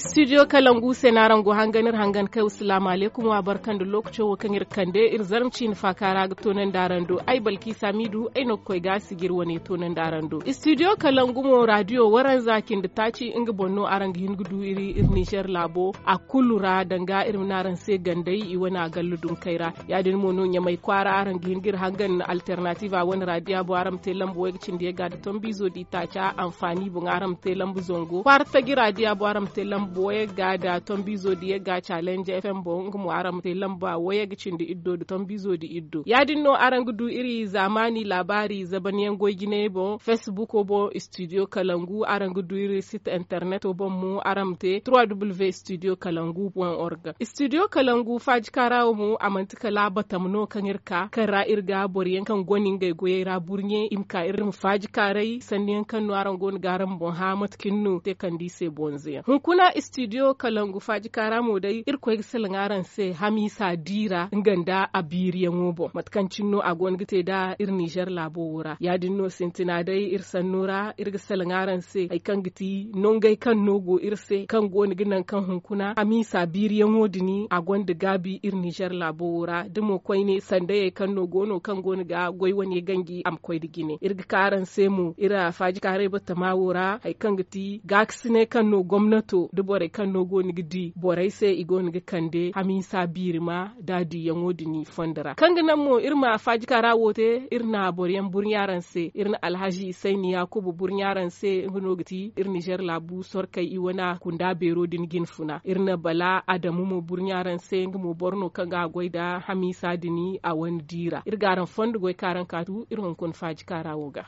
studio kalangu na rangu hanganir hangan kai assalamu alaikum wa barkan da lokacin wakan da ir zarmci ni fakara tonan do ai balki samidu ai nokkoi ga sigir ne tonan do studio kalangu mo radio waran zakin da taci inga bonno arang hin du iri ir niger labo a kulura danga ir naran se gandai i wana galludun kaira ya din mono nya mai kwara arang gir hangan alternative wani radio bo aram te lambo wegcin da ya ga da tombizo di taca amfani bun aram te lambo zongo kwarta gi radio bo aram te lambo lambo ga da bizo di ga challenge fm bo ngum wara te lamba wayeg chindi iddo da bizo di iddo dinno arangu du iri zamani labari zaban yango gine bo facebook bo studio kalangu arangu du iri site internet bo mu aramte www.studiokalangu.org studio kalangu faj karawo mu amantika laba tamno kanirka kara irga boriyan kan gonin gai goye ra burnye imka irin faj karai sanniyan kan no arangon garan bon hamat kinnu te kan dise bonze kuna studio kalangu faji karamo dai irko gisil aran se hamisa dira nganda ya ngobo matkan cinno agon gite da ir niger labo wura ya dinno sentina dai ir sanura ir gisil aran se ai kan giti nongai kan nogo ir se kan goni ginan kan hunkuna hamisa biriya ngodini agon da gabi ir niger labo wura dimo koi ne sanda ya kan nogo no kan goni ga goi wani gangi am koi gine ir karan se mu ira faji kare bata ma wura ai kan giti gaksine kan no gwamnato bore kan no go borai se igo ga kande hamin sabiri ma dadi yango dini fondara kanga nan mo irma faji kara wote irna boryan burnyaran se irna alhaji ni yakubu burnyaran se ngono giti ir niger labu sorkai iwana kunda bero din ginfuna irna bala adamu mo burnyaran se ngmo borno kanga goida hamisa dini a wani dira irgaran fondo goy karan katu irhon kon faji kara woga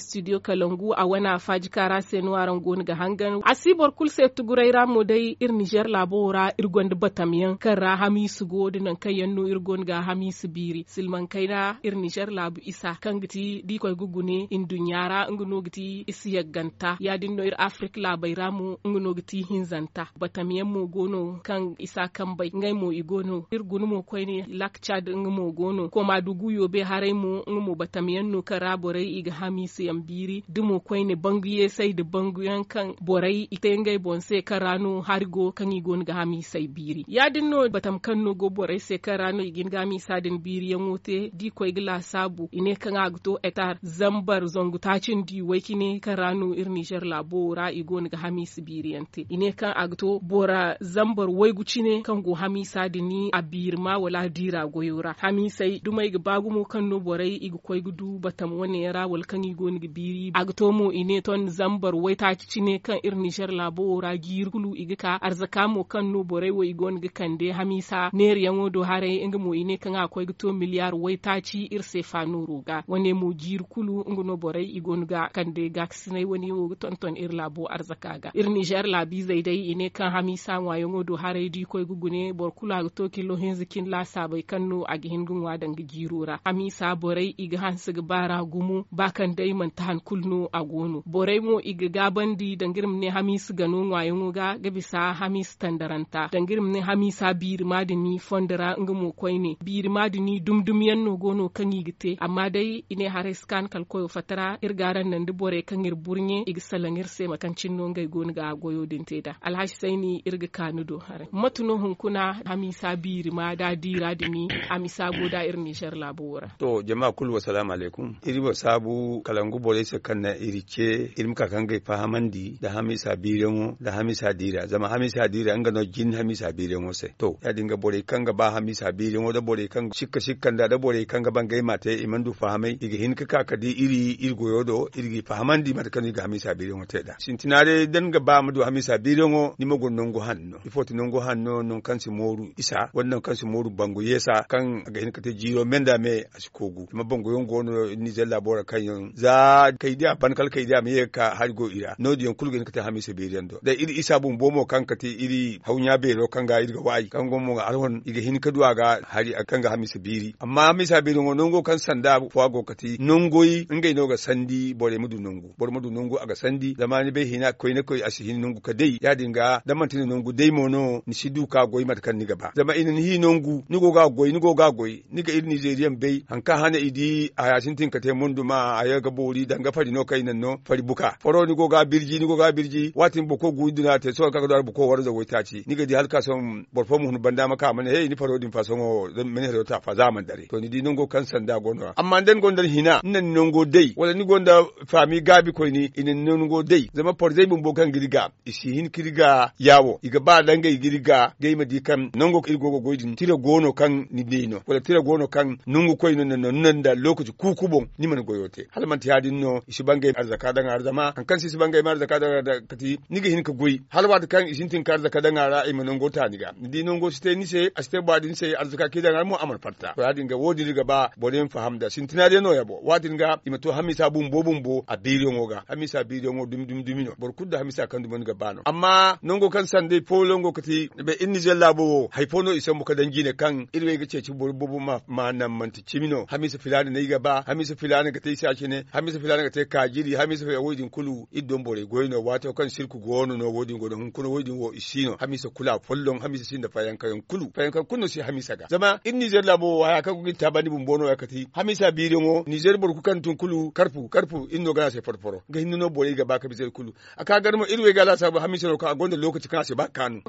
studio kalangu a wana faji kara senuwa goni ga hangan asibor kul se tugurai ramo dai ir niger labora ir gonda batamiyan kan ra hamisu godi nan kai yannu ir gon ga hamisu biri silman kaina ir niger labu isa kan giti di koy gugune in dunyara nguno giti isi yagganta ya dinno ir afrika labai ramu. nguno giti hinzanta batamiyan mu gono kan isa kan bai ngai mu igono ir gunu mu koy ne lakcha dingo mo gono ko ma dugu yobe harai mo ngumo batamiyan no kan raborai hami hamisu yan biri dumu kwai ne banguye sai bangu yan kan borai itengai bonse karano harigo kan igon ga hami sai biri ya dinno batam kanno go borai sai karano igin ga mi sadin biri yan wote di ko igla sabu ine kan agto etar zambar cin di wai kine karano irni jar labo ra igon ga hami sibiri yante ine kan agto bora zambar wai gucine kan go hami sadin ni abir ma wala dira goyora hami sai dumai ga bagumo kan no borai igu kwai gudu batam wani ra wal kan igon biri agtomo ine ton zambar ci cine kan ir nijar labo ra girgulu igika arzaka mo kan no bore wo igon gikan hamisa ner yango do hare inga mo ine kan akwai gito miliyar ta ci ir sefa no roga wane mo girkulu inga no bore igon ga kan de sinai wani wo ton ton ir labo arzaka ga ir nijar labi zai dai ine kan hamisa wa yango do hare di koi gugune bor kula gito kilo hinzikin la sabai kan no agi hingun wadan gijirora hamisa borai iga hansu bara gumu bakan dai man tahan kulno a gono borai mo iga gabandi dangirim ne hamis gano wayon ga gabisa hamis tandaranta dangirim ne hamisa bir madini fondara nga mo koyne bir madini dumdum yanno gono kangi gite. amma dai ine hariskan kal kalkoyo fatara irgaran nan di bore kangir burnye iga salangir se makancin no ngai gono ga goyo dinteda alhaji saini irga kanudo hare matuno hunkuna hamisa bir ma da dira dimi amisa goda irni sharla labora to jama'a kul wa alaikum iri sabu kalan kangu bole sa kan na irike ilmu ka kan gai fahamandi da hamisa birengo da hamisa dira zama hamisa dira an gano jin hamisa birengo se to ya dinga bore kan ga ba hamisa birengo da bore kan shikka shikkan da da bore kan ga ban gai mate imandu fahamai iga hin ka ka di iri irgo yodo irgi fahamandi mata kan ga hamisa birengo te da sintinare dan ga ba mu do hamisa birengo ni magun nongo hanno ifoti nongo hanno non kan si moru isa wannan kan si moru bango yesa kan ga hin ka te jiro menda me asikogu ma bango yongo no ni zella bora kan yon za ka kaidiya bankal kaidiya me ka go ira no diyon ka kata hamise beriyan do da iri isa bun mo kan kati iri haunya bero kan ga iri ga wai kan mo ga alhon iga hin duwa ga hari akan ga hamise biri amma hamisa be ro nongo kan sanda go kati in ngai no ga sandi bore mudu nongo bore mudu nongo aga sandi zamani be hina koi ne koi asihin nongo dai. ya dinga da tin nongo dai mono ni sidu ka goi mat kan ni da ma inin hi nongo ni go ga goi ni go ga goi ni ga iri nigerian be hanka hana idi a yasin tin te mundu ma a ya wuri danga fari no kai nanno fari buka faro ni goga birji ni goga birji watin boko guiduna te so kaka dar boko warza waita ci ni gadi halka so borfo mu banda maka man hey ni faro din fa men hero ta fa zaman dare to ni di nongo kan sanda gono amma den gondar hina nan nongo dai wala ni gonda fami gabi ko ni inen nongo dai zama por porzai mun bokan giriga isi hin kiriga yawo iga ba danga girga ma di kan nongo irgo goidin tira gono kan ni dino wala tira gono kan nungu ko ni nan nan da lokaci kukubon ni man goyote halman ta gadin no isi bangai arzaka dan arzama an kan si bangai mar zaka dan kati niga hin ka goi halwa da kan isin tin kar zaka dan ara ai manon gota niga di non go ste ni se aste badin se arzaka ke dan mu amar farta ko adin ga wodi diga ba bodin faham da sin tinade no yabo wadin ga imato hamisa bum bo bum bo a biliyon oga hamisa biliyon o dum dum dumino bor kudda hamisa kan dum ga bano amma non go kan sande polon go kati be in nijar labo haifono isan muka dan gine kan irwe ga ce ci bor bo ma ma nan manti cimino hamisa filani ne ga ba hamisa filani ga tai sa ne hamisa hamisa filana ga te kajiri hamisa fe wodin kulu iddon bore goyno wato kan sirku gono no wodin gono hun kuno wodin wo isino hamisa kula follon hamisa sinda fayan kan kulu fayan kan kunno si hamisa ga zama in niger labo haya kan ku tabani bun bono yakati hamisa biri wo niger bor ku kan tun kulu karfu karfu inno gana se farforo ga hinno bore ga baka bizel kulu aka garmo irwe ga la sabu hamisa no ka gonda lokaci kana se ba kanu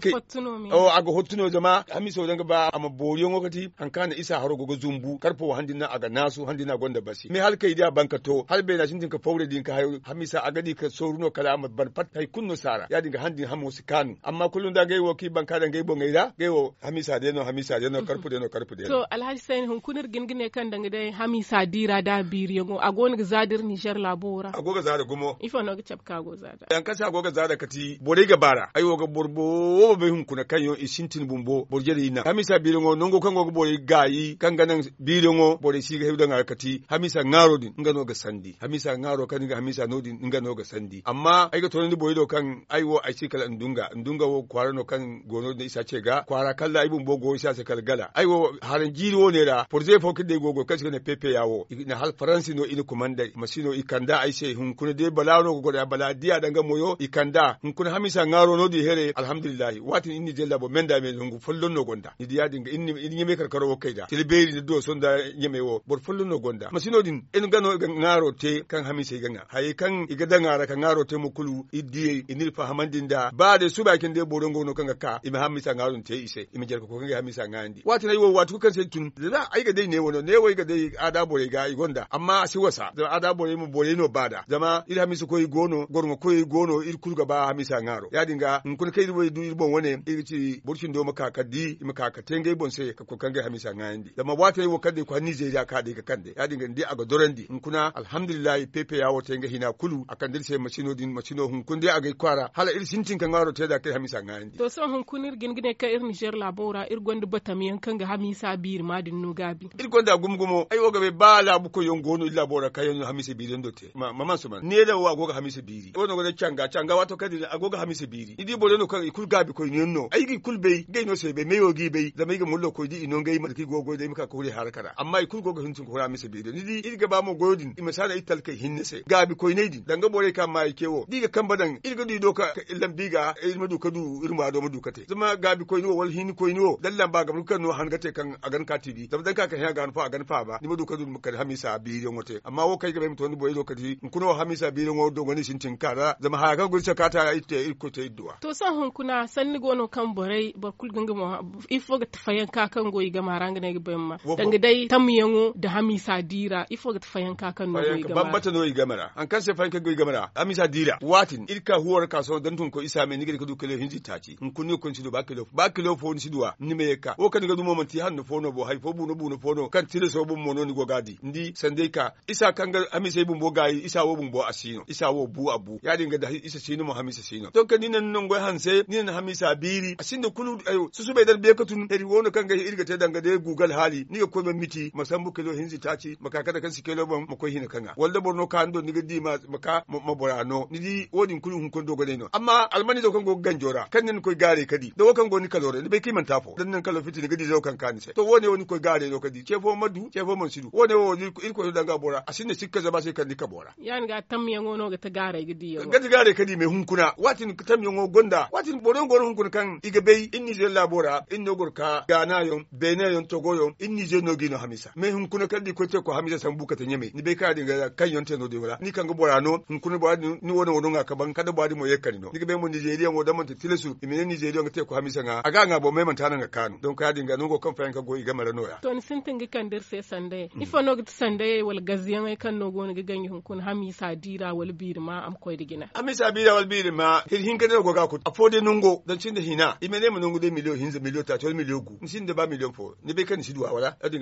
o aga hotuno zama hamisa wajen ga ba amma boriyon wakati an kana isa haro gogo zumbu karfo handina aga nasu handina gonda basi me halka idiya bankato halbe bai na shintin ka faure din ka hayo hamisa gadi ka soruno kala amad ban pat hay kunno sara ya dinga handin su kanu amma kullun da gaiwo ki ban kadan gaibo da gaiwo hamisa de no hamisa de mhm. no karfu de no karfu de to alhaji sai hun kunir gingine kan danga dai hamisa dira da biriyo go agon ga zadir a labora ga zada gumo ifa no ga chapka go zada yan kasa ga zada kati bore ga bara ayo ga borbo be hun kuna kan yo isintin bumbo borjeri ina hamisa biringo nongo kan go bore gayi kan ganan biringo bore shi ga hewda ngakati hamisa ngaro din ngano ga sandi hamisa ngaro kan ga hamisa no din nga no ga sandi amma ai ga to ni boydo kan ai wo ai sikala ndunga ndunga wo kwara no kan gono da isa ce ga kwara kalla ai bun bogo isa se kalgala ai wo haran jiri wo ne da porze fo kide gogo kashi ne pepe yawo na hal faransi no ini kumanda masino ikanda ai se hun kun de balano go da baladiya danga moyo ikanda hun kun hamisa ngaro no di here alhamdulillah watin inni jella bo menda me lungu fullon no gonda ni diya dinga inni inni me karkaro wo kaida tilberi do sonda nyeme wo bor fullon no gonda masino din en gano ngaro rote kan sai ganga hayi kan igadangara kan ngaro te mukulu iddi inil fahaman da ba da su kin da borongo no kan ka imi sa ngaro te ise imi jerko ko kan sa ngandi wati na yiwo watu kan sai tun da ai ga dai ne wono ne wai ga dai ada bore ga igonda amma si wasa da ada bore mu bore no bada zama hami hamisu koyi gono gorngo koyi gono il kulga ba hamisa ngaro ya dinga in kun kai wai du ilbon wone ci burkin do maka kaddi maka katenge bon sai ka ko kan hamisa ngandi zama wati yiwo kadde ko ni je ya ka de ka kande ya dinga ndi aga dorandi in kuna alhamdulillah alhamdulillahi pepe ya wote nga hina kulu akan dir se machino din machino hun kunde aga kwara hala ir sintin kan ngaro teda da kai hamisa ngandi to son hun kunir gin gine ka ir niger la bora ir gonda batam yankan ga hamisa bir madin no gabi ir gonda gumgumo ai woga be bala bu ko yongono illa bora kayon hamisa bir birin dote ma mama suma ne da wa goga hamisa biri wono goda changa changa wato kadi agoga hamisa biri idi bodo no kan ikul gabi ko nyenno ai gi kul be gai no se be meyo gi be da mai ga mullo ko di inon gai mata ki gogo dai muka kore harkara amma ikul goga huncin ko hamisa biri idi idi ga ba mu goyodin misala bori hinne se gabi koy koyneydi danga bore kam mayi kewo diga kamba dan ilga di doka ilam biga ilma du kadu irma do madu kate zama gabi koy wo wal hini koy wo dalla ba gam kan no gate kan agan ka tibi zama dan ka kan ya gan fa agan fa ba ni madu kadu mukar hamisa bi biire ngote amma wo kai gabe to ni boye dokati kuno hamisa bi biire ngo do ngani sintin kara zama ha ga gurce ka ta ite ilko te duwa to sa hun kuna sanni gono kan bore ba kul ganga mo ifo ga tafayan ka kan goyi ga maranga ne ga bemma danga dai tamiyango da hamisa dira ifo ga tafayan ka kan no goyi bambata no yi gamara an kan se fanka go gamara amisa dira watin ilka huwar kaso dan tun ko isa me nigir kudu kele hinji taci in kunni ko sidu ba bakilo ba fo ni siduwa ni me yeka o kan ga dumo manti hanno fo no bo hay fo bu no bu no fo no kan tire so bu mono ni go gadi ndi sande ka isa kan ga amisa bu bo gayi isa wo bu bo asino isa wo bu abu ya dinga da isa sino mu hamisa sino to kan ninan non go hanse ninan hamisa biri asinda kulu ayo eh, susu be dar be katun eri wono kan ga irga te danga de gugal hali ni ko me miti masambu kilo hinji taci makaka da kan sikelo ban makoi kan ga walla borno ka ando ni gidi ma maka ma borano ni di wodin kuri hun kondo gade no amma almani do kan go ganjora kan nin koy gare kadi do kan go ni kalore ni be bai man tafo dan nan kalofiti ni gidi zo kan kan se to wone woni koy gare no kadi chefo madu chefo man sidu wone woni il ilko danga bora asine sikka zaba sai kan ni ka bora yani ga tammiyan wono ga ta gare gidi yo gadi gare kadi me hun kuna watin tammiyan wo gonda watin boron goro hun hunkun kan iga bai inni zai bora in no gorka gana yon bene yon togo yon inni je no gino hamisa me hun kuna kadi ko te ko hamisa san buka ta nyame ni be ka di dinga kan yonte no diwra ni kan gbora no nkuni bo ni wono wono nga kaban kada bo mo yekari no diga be mo nigeria ngo da man te tilesu imene nigeria ngo ko hamisa nga aga nga bo me man tanan kanu don ka dinga no go kan fayan ka go iga mara no ya to ni sintin ga kan dir sai sande ifo no git sande wal gaziyan ai kan no go ni ganyi hun kun hamisa dira wal birma am koy digina hamisa dira wal birma hin kan go ga ku afode nungo dan da hina imene mo nungo de milio hinza milio ta tol milio gu sin ba milio fo ni be kan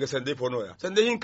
sande fo no ya sande hin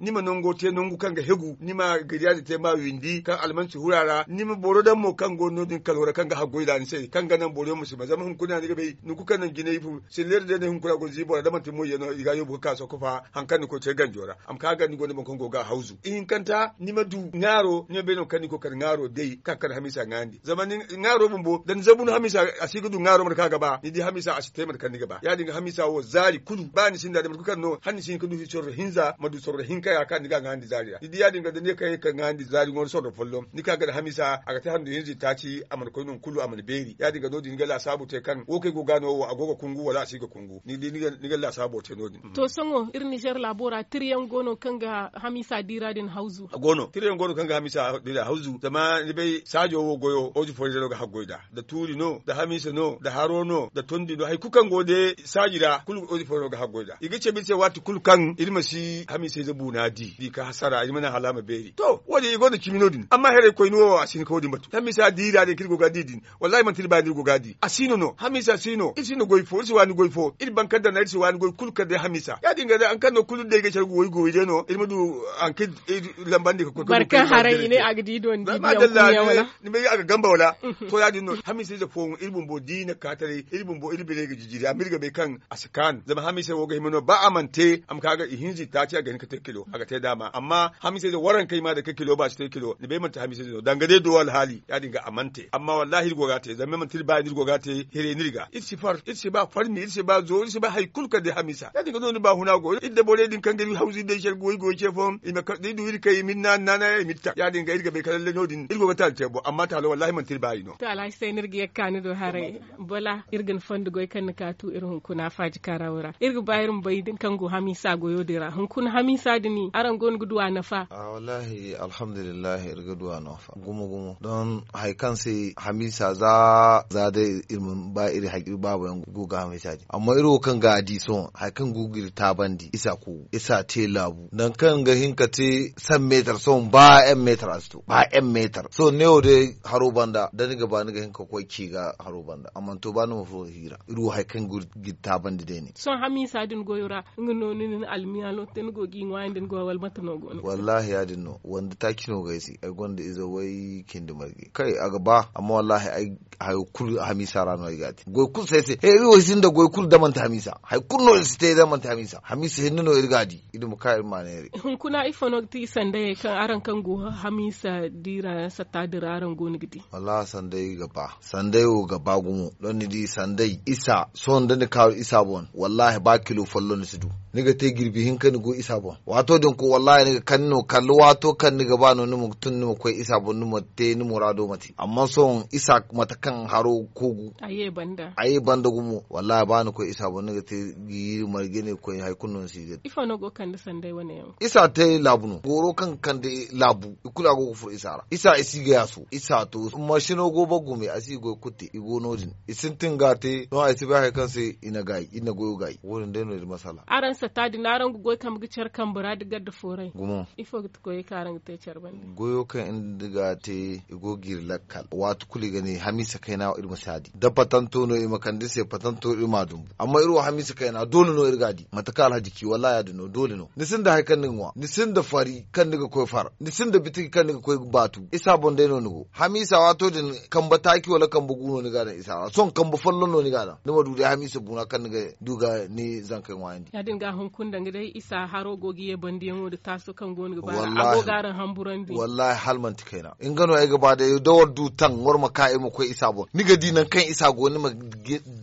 ni mo nungo te nungo kan ga hegu ni ma na da tema windi kan almanci hurara ni mu boro dan mu kan go nodin kalora kan ga hagoy da ni sai kan ga nan boro mu shi bazam hun kuna ni ga bai ni kuka nan gine fu silir da ne hun kula go zibora da man timo yeno iga yo ka so kufa hankan ni ko ce ganjora am ka ga ni go ni ban kan go ga hauzu in kanta ni ma du ngaro ni be no kan ni ko kan ngaro dai kan kan hamisa ngandi zaman ni ngaro bun bo dan zabun hamisa asigu du ngaro mar ka gaba ni di hamisa asite mar kan ni gaba ya dinga hamisa wo zari kudu ba ni sin da mar kan no hanni sin kudu sorro hinza madu sorro hinka ya kan ni ga ngandi zari ni di ya dinga da ne kai kan handi zari ngor sodo follo ni kaga da hamisa aga ta handu yinzi ta ci amal koinun kulu amal beri ya diga dodi ngala sabu te kan o kai go gano wa agogo kungu wala ga kungu ni di ni ngala sabu te nodi to songo ir Niger labora tiriyan gono kanga hamisa din hauzu gono tiriyan gono kanga hamisa dira hauzu zama ni bai sajo wo goyo oji fori ga hagoida da turi no da hamisa no da haro no da tondi no hay kukan gode sajira kulu oji fori daga hagoida igi ce bi ce watu kulu kan irmasi hamisa zabuna di di ka hasara irmana halama be iri to wodi kimi nodin, amma here koy nuwo ko dimbatu di ira de kirgo gadidin wallahi man tilba dirgo gadi asino no hamisa sino isino goy fo si wani goy fo il da na si wani goy kul kadde hamisa ya dinga da an kano kulu de gechal goy goy de no il mudu an kid lambande ko barka harai ne agdi don di ma dalla ni me aga gamba wala hmm. to ya dinno hamisa da fo katare ga jijiri amirga be kan askan zama hamisa woga himno ba amante ta ka tekilo aga dama amma hamisa da kai ma da ka kilo ba shi kilo ni be hami ta hamise dangade do wal hali ya dinga amante amma wallahi goga te zamme man til ba dir goga te here nirga itsi far itsi ba farmi itsi ba zo itsi ba hay kulka de hamisa ya dinga don ba huna go idda bore din kan gari hausi de shel goy goy chefom ima ka di du irkai minna nana ya mitta ya dinga irga be kalalle no din irgo ta te bo amma ta lo wallahi man til ba ino to alai sai nirga yakkani do hare bola irgan fond goy kan ka tu irin kuna faji karawura irga bayirin bai din kan go hamisa goyo dira hun kun hamisa dini aran gon guduwa nafa ah, wallahi wallahi alhamdulillah irgaduwa na fa gumu gumu don haikan sai hamisa za za dai ilmin ba iri haƙi ba bayan guga hamisa ji amma iro kan ga adison haikan gugir ta bandi isa ku isa te labu dan kan ga hinka te san meter son ba yan meter asto ba yan meter so ne o de haro banda dan ga ba ni ga hinka ko ki ga haro banda amma to ba ni mu hira iro haikan gugir ta bandi de ne son hamisa din goyora ngino ni almiya lo ten go gi ngwa den go wal matno go wallahi ya no wanda ta kino gaisi ai gwanda izo wai kindi marge kai a gaba. amma wallahi ai haikul hamisa rano ai gati goy kul sai sai hey wai sinda goy kul da manta hamisa hay kun no ste da manta hamisa hamisa hinno no irgadi idu mu kai manere hun kuna ifono ti sande kan aran kan go hamisa dira satta dira aran go Wala wallahi sande gaba sande o gaba gumo don ni di sande isa son da ni kawo isa bon wallahi ba kilo ni su du niga te girbi hin kan go isa bon wato don ko wallahi niga kan no kallu wato kan niga ba no numu tun numu ko isa bon numu te numu rado mati amma son isa mata kan haro kogu aye banda aye banda gumu wallahi ba no ko isa bon niga te giri margene ko hay kunnon si ifa no go kan da dai wane yau isa te labuno goro kan kan da labu ikula go fur ra isa isi ga yaso isa to mashino go gumi asi go kutte igo nodin isin tinga te no ai sibai kan sai ina gai ina goyo gai wurin dai no masala aran sa di naran gugo kam gi cer kam bura di gadda forai. gumo ifo git koy karang te cer bande goyo kan diga te igo gir lakkal watu kuli gani hamisa na ilmu sadi da patanto no ima kandi se patanto irma dum amma iru hamisa na dole no irgadi matakal haji ki wallahi adu no dole no nisin da hay kan wa nisin da fari kan daga koyi far nisin da bitiki kan daga koyi batu isa bonde no nugo hamisa wato din kan bataki wala kan bugu no ni da isa son kan bu fallon no ni gadan nima du da hamisa buna kan daga duga ni zankan wayandi ya dinga hunkunda dai isa haro gogi ye bandi yango da taso kan goni ba ago hamburan hamburandi wallahi halmanti kaina in gano ai gaba da dawar dutan war maka ai ko isa bon ni ga dinan kan isa goni ma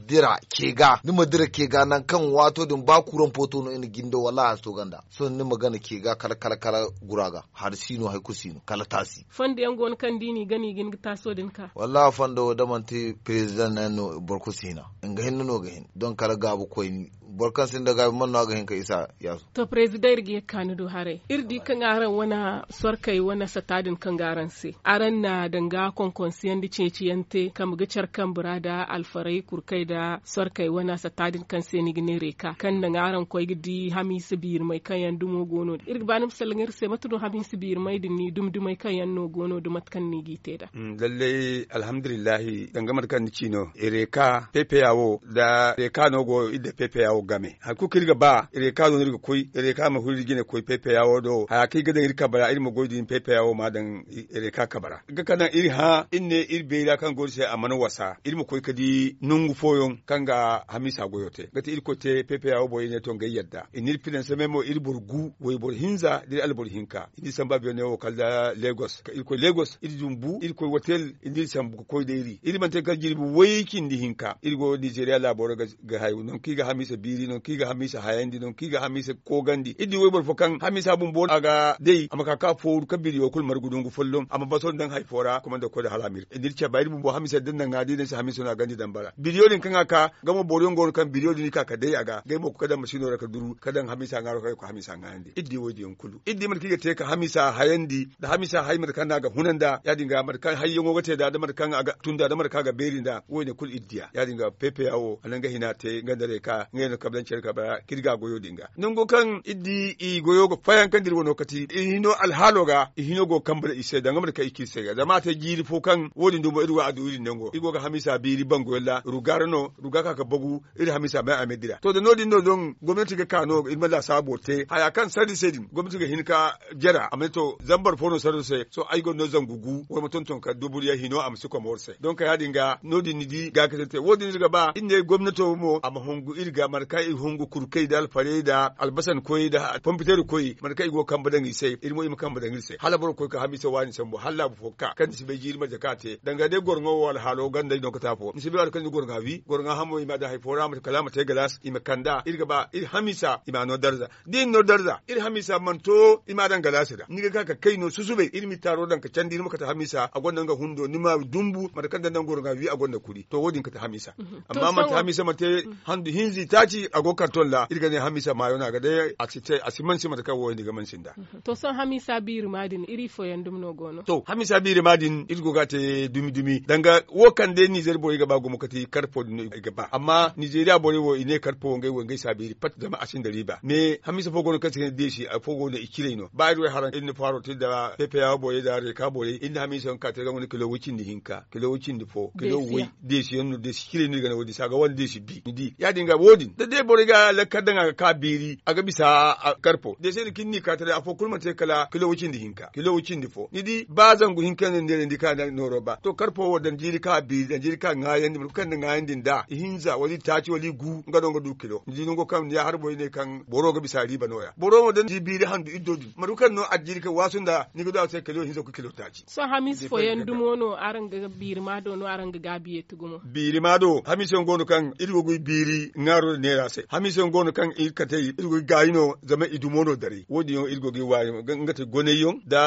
dira ke ga ni ma dira ke ga nan kan wato din ba kuran foto no ina gindo wallahi so ganda so ni magana ke ga kala kala kala guraga har sino hay kusino kala tasi fande goni kan dini gani gin taso din ka wallahi fando da man te president na no burkusina in ga hinno ga hin don kala gabu koyni burkan sin da gabu man no ga kan ka isa ya to president irgi kanu do hare irdi kan aran wana sorkai wana satadin kan garan se aran na danga konkon siyan di ceciyante kam gicar kan burada alfarai kurkai da sorkai wana satadin kan se ni gine reka kan na aran koi gidi hami sibir mai kan yan dumo gono irgi banim salangir se matudo hami sibir mai dini dum mai kan yan no gono dumat kan ni gite da mm, lalle alhamdulillah dangamar kan ni cino ireka e pepe yawo da reka no go ide pepe yawo game hakukirga ba ka don irga koi ka ma huri gine koi pepe yawo do haya kai gadan irka kabara irin ma goidin pepe yawo ma dan ireka ka kabara. ga kana iri ha inne ir beira kan gori a mana wasa iri ma koi kadi nungu foyon kan ga hamisa goyote gati irko te pepe yawo boye ne ton ga yadda inir pidan sai memo ir burgu wai bur hinza dir al bur hinka idi samba biyo ne wo kalda lagos ka irko lagos idi jumbu irko hotel idi sambu koi da iri iri man te ka jirbu wai kin di hinka irgo nigeria laboro ga hayu non hamisa biri non hamisa hayandi don kiga hamise ko gandi idi we bor fokan hamisa bun bol aga dei amaka ka ka foru kabiri yokul gu fullum amma bason dan haifora kuma da ko da halamir idil cha bayri bun bo hamisa dan nan gadi dan sa hamisa na gandi dan bara biliyodin kan aka gamo boriyon gonu kan biliyodin ka ka dai aga gai mo kada mashino raka duru kadan hamisa ngaro kai ko hamisa ngandi idi wodi yonkulu idi man kiga te ka hamisa hayandi da hamisa haimar kan naga hunanda ya dinga mar kan hayyon gogote da da mar kan aga tunda da mar ka ga berin da ne kul idiya ya dinga pepe yawo anan ga hina te gandare ka ngene kablan cerka ba kirga go goyo dinga nongo kan idi i goyo go fayan kan dir wono kati ihino alhalo ga ihino go kambara ise da ngamar kai kise ga zama ta jiri fo kan wodi dumbo irwa adu irin nango igo ga hamisa biri bango yalla rugarno rugaka ka bagu iri hamisa mai amedira to da nodi no don gwamnati ga kano in sabo te haya kan sadi sedin gwamnati ga hinka jara ameto zambar fono se so ai go no zangugu wa mutuntun ka dubul ya hino am suko morse don ka yadin ga nodin ni ga ka wodi wodin ga ba inne gwamnati mo am hongu irga markai hongu kurkai dal alfare da albasan koyi da pompitere koyi man kai go kan badan sai ilmo im kan badan sai hala bor koyi ka hamisa wani sambo hala bu fokka kan sibe jirma jakate danga de gorngo wal halo ganda don ka tafo sibe al kan gornga vi gornga hamo ima da hay forama ta kalama te galas ima kanda irga ba ir hamisa ima no darza din no darza ir hamisa man to ima dan galas da ni ga ka kai no susube ir mi taro dan ka candi maka ta hamisa a gonda ga hundo ni ma dumbu mar kan dan gornga vi a gonda kuri to wodin ka ta hamisa mhm. amma mata hamisa mate mhm. handu hinzi taci a go karton la irga ne hamisa ma yana ga dai a cite a siman sima ta kawo ni gaman sinda mhm. to son hamisa biri madin iri fo yandum no gono to hamisa biri madin irgo ga te dumi dumi danga wo kan dai niger boy ga ba go mukati karpo no ga ba amma nigeria boy wo ine karpo ngai wo ngai sabiri pat da ma asin da riba me hamisa fo gono kace de shi a fo gono ikire no ba ruwa haran in faro te da pepe ya boy da re ka boy in hamisa ka te ga wani kilo wucin ni hinka kilo wucin ni fo kilo wai de shi yonno de shi kire ni ga wodi saga wani de shi bi ya dinga wodin da dai boy ga lakkar lakkadan aga ka biri aga bisa a karpo de sen kinni ka tare a fokul mace kala kilo wucin di hinka kilo wucin di fo ni di bazan gu hinka ne ne ka da noro ba to karfo wa dan jiri ka bi dan jiri ka ngayen di kan ngayen din da hinza wali taci wali gu ngado ngado kilo ni di ngo kam ya harbo ne kan boro ga bisa riba noya boro mo dan jibiri handu maru kan no ajiri ka wasun da ni ga da sai kilo hinza ku kilo taci so hamis fo yan dumo no aran ga biri ma do no aran ga gabi yetugumo biri ma do hamis gonu kan idigo gu biri ngaro ne ra rase hamis gonu kan ilkate te ilgo gayino zama idumono dari wodi yon ilgo gi wayo ngati gone yon da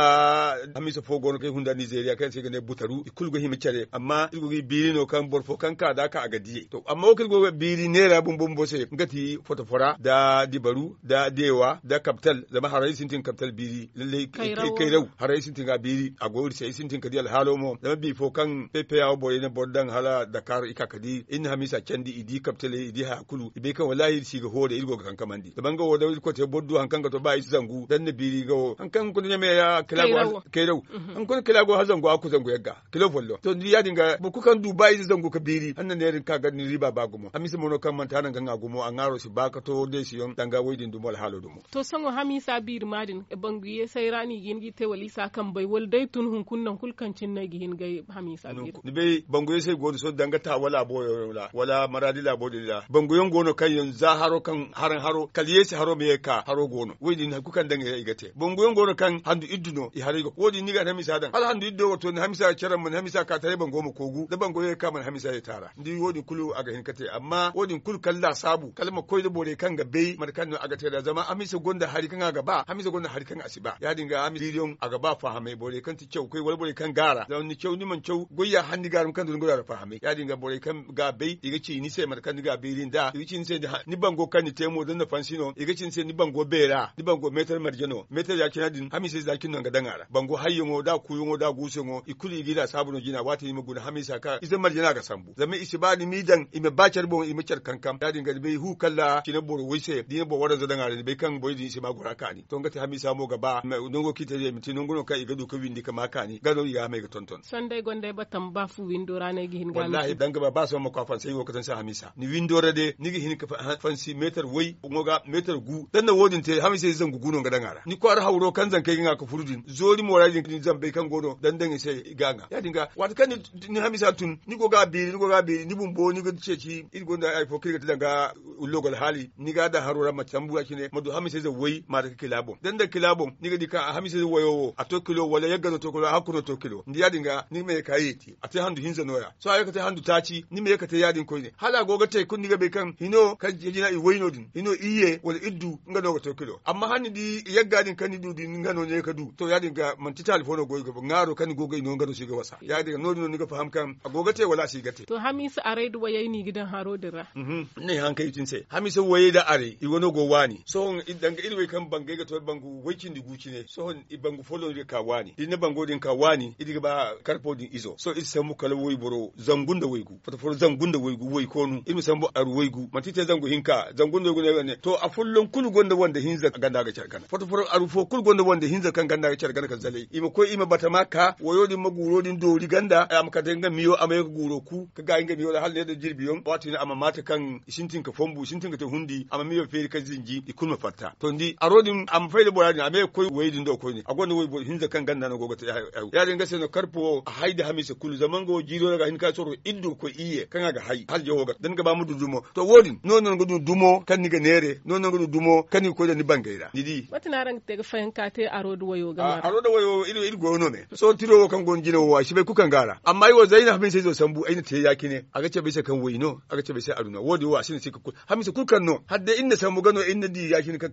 hamisa fo ke hunda nigeria kan sigane butaru ikulgo himi chare amma ilgo gi birino kan borfo kan ka da ka agadi to amma o kilgo biri nera bum bum bose ngati fotofora da dibaru da dewa da kaptal zama harai sintin kaptal biri lalle kai rau harai sintin ga biri agori sai sintin kadi al halo mo zama bi fo kan pepe yawo boye ne bordan hala dakar ikakadi in hamisa chandi idi kaptale idi hakulu ibe kan wallahi siga hore ilgo kan kamandi da banga da ko te boddu han kanga to ba isi zangu dan ne biri go han kan kun ne me ya kilago kero mhm. han kun kilago ha zangu aku zangu yagga kilo follo to ni ya dinga bu ku kan dubai isi zangu ka biri an ne rin ka ga ni riba ba gumo amisa mono kan man tanan ganga gumo an aro shi ka to de shi yon danga waidin dumol halo dumo to sango hamisa bir madin e bangu ye sai rani gin gi te wali sa kan bai wal dai tun hun kunnan kan cin na gihin gai hamisa bir ni bai bangu ye sai godo so danga ta wala boyo wala maradila maradi la la bangu yon gono kan yon zaharo kan har aran haro yesi haro me ka haro gono wodi k'u kukan dange igate bongoyon gono kan handu idduno i harigo wodi ni ga hamisa dan hal handu iddo wato ni hamisa charan mun hamisa ka tare bon mu kogu da bon ya ka mun hamisa ya tara ndi wodi kulu aga hin kate amma wodi kul kalla sabu kalma koy da bore kan ga bei markan no aga tare zama hamisa gonda hari kan aga ba hamisa gonda hari kan asiba ya dinga ami diriyon aga ba fahame bore kan ti chew koy wal bore kan gara da ni chew ni man chew goyya handi garum kan dun gura fahame ya dinga bore kan ga bei diga ci ni sai markan ga bei rin da ci ni sai ni bango kan ni temo wo don na fansino iga cin sai ni bango bera ni bango meter marjano meter ya kina din hamisa za kin nan ga dangara bango hayyo mo da kuyo mo da guse mo ikuli gida sabuno gina wata ni muguna hamisa ka izan marjana ga sambu zame isi ba ni midan ime bacar bon ime cer kankam da dinga be hu kala kina boro wise dina bo waran za dangara be kan boyi din isi ma gura kani to ngati hamisa mo gaba nungo kita je mitin nongo ka iga du ka windi kama kani gado ya mai ga tonton sandai gonde batan ba fu windo rane gihin ga wallahi danga ba ba so makwafan sai wakatan sa hamisa ni windo rade ni gihin ka fansi meter wai kai ngoga meter gu dan na wodin te hamise zan gu gunon gadan ara ni kwar hauro kan zan kai ngaka furudin zori morajin ni zan bai kan gono dan dan ise ganga ya dinga wat kan ni hamisa tun ni go ga biri ni go ga biri ni bumbo ni go ce ci i go da ai fokiri ta daga ulogol hali ni ga da harura macam buga shine madu hamise zan wai ma da kilabon dan da kilabon ni ga dika hamise zan wayo a to kilo wala yagga to kilo hakuro to kilo ni ya dinga ni me kai ti a te handu hinza noya so ayo ka te handu taci ni me ka te yadin koyne hala go ga te kun ni ga bai kan hino kan jina i wayno din ino iye wal iddu ngano ga tokilo amma hani di yagga din kani du di ngano ne ka du to ya dinga manti telefono go ga ngaro kani goga ino ngano shiga wasa ya dinga no no ga faham goga te wala te. to hamisu arai du waye ni gidan haro dira mhm. ne han kai tin sai hamisu waye da are i wono go wani so idan ga ilwe kan bangai ga to bangu wakin di guci ne so ibangu folo ka wani din bango din wani idiga ba karfo din izo so isa mu kala woyi boro zangun da woygu fata foro zangun da woygu wai konu ilmi sambo ar woygu matite zangu hinka zangun da ne ne to a fullon kul gonda wanda hinza ganda ga charkana foto foto aru fo kul gonda wanda hinza kan ganda ga charkana ka zalai ima ko ima bata maka woyodin magurodin dori ganda am ka danga miyo am ka guro ku ka ga inga miyo da halle da jirbiyon wato ne amma mata kan shintin ka fombu shintin ka ta hundi amma miyo feri ka zinji ikulma fatta to ndi arodin am faida boradi am ko wayidin da ko ne a gonda woy hinza kan ganda na gogo ta ya dinga sai no karpo haida hamisa kul zaman go jiro daga hin ka soro iddu ko iye kan ga hai har jeho ga dan ga ba mu dudumo to wodin no non go dudumo kan ni ga nere no no ru dumo kani ko da ni bangaira didi wata na ran te fayan ka te aro da wayo ga aro da wayo ido ido gono ne so tiro kan gon jina wa shi bai kukan gara amma yi wa zainab bin sai zo sambu aina te yaki ne aga ce bai sai kan wayino aga ce bai sai aruna wodi wa shi ne sai ku hamisa kukan no har da inna sambu gano inna di yaki ne ka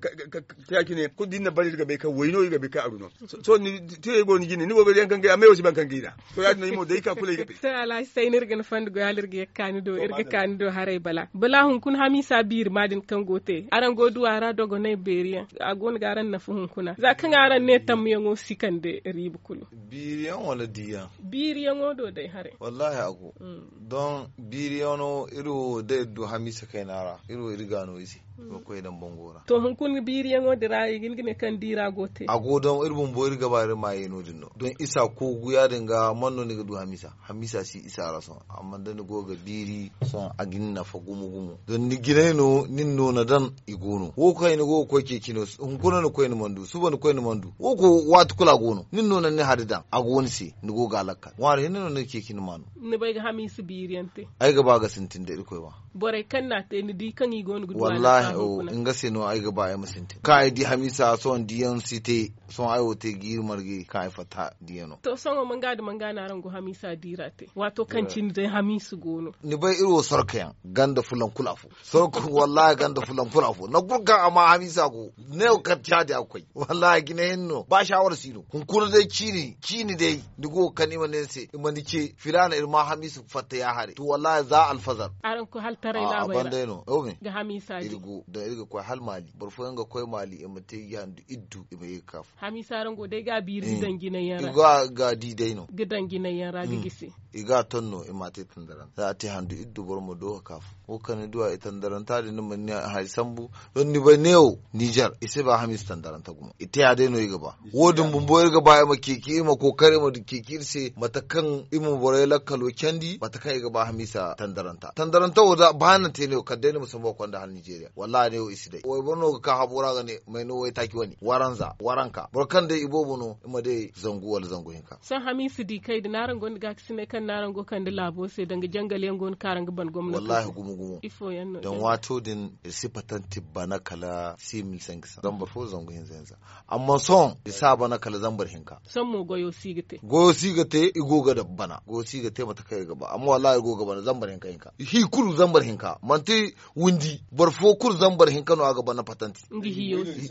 yaki ne ku dinna bari daga bai kan wayino no daga bai kan aruna so ni te go ni gine ni go bai kan ga amma yo shi ban kan gida to ya ni mo dai ka kula ga sai ala sai nirgin go ya lirge kanido irga kanido harai bala bala hun kun hamisa bir madin kan gote aran godu ara dogo ne beriyan agon garan na fuhun kuna za kan aran ne tam yango sikan de ribu kulu biriya wala diyan biriyan odo dai hare wallahi ago mm. don biriya no iru de du hamisa kai nara iro irgano isi wo hmm. dan bongora to hankun kun biri yango dira igin gine kan dira gote godon don irbun boyir gabare ma yeno dinno don isa ko guya dinga manno ni gudu hamisa hamisa si isa rason amma dan go ga diri son agin na fa gumu gumu don ni gine no nin no na dan igono wo kai ni go ko ke kino hon ni koy ni mandu suba ni koy ni mandu wo ko wat kula gono nin no na ni hadida a ni si ni go ga lakka ware ni no ne ke kino manu ni bai ga hamisa biriyante ai ga ba ga sintin da irkoy ba bore kan na te ni di kan yi gon gudu wallahi o nga se no ai ga ba ay musinte ka ai di hamisa son diyan si site son ai o te gi marge ka ai fata di yano to son o manga da manga na rango hamisa dirate wato kan eh. cin da hamisu gono ni bai iro sarka yan ganda fulan kulafu sarku wallahi ganda fulan kulafu na gurga amma hamisa ko ne ka ta da akwai wallahi gine hinno ba shawar sino kun kuna dai kini kini dai digo kan imanin se imani ce filana irma hamisu fata ya hare to wallahi za alfazar aran ko halta karai la bai bandeno ome ga hamisa irgo da irgo kwa hal mali burfo yanga kwa mali e mate yandu iddu e yi kafu. hamisa rango dai ga biri eh. dangi na yara iga ga di dai no ga dangi na yan ragi hmm. gisi iga tonno e mate tandaran za ta handu iddu bar mu do kafu. o kan duwa e tandaran ta da mun ne hay sambu don ni bai neo nijar. ise ba hamis tandaran ta kuma. ite ya dai no iga ba wodin bumbo iga ba ma keke ma kokare ma irse. matakan imu bore lakkalo kendi matakan iga ba hamisa tandaranta tandaranta wada bana te ne ka deni musamman kwanda har nigeria wallahi ne o iside wai bano ka bura gane mai no wai taki wani waranza waranka burkan dai ibo bano ima dai zangu wal zangu hinka san hamisu di kai da naran gon ga kisne kan naran go kan da labo sai danga jangalen gon karan ban gwamnati wallahi gumu gumu ifo yanno dan wato din sifatan tibbana kala simil sangisa zambar fo zangu hin zanza amma son isa bana kala zambar hinka san mu goyo sigate goyo sigate igoga da bana goyo sigate mata kai gaba amma wallahi goga bana zambar hinka hinka hi kulu zambar zambar hinka manti wundi barfo kur zambar hinka no aga bana patanti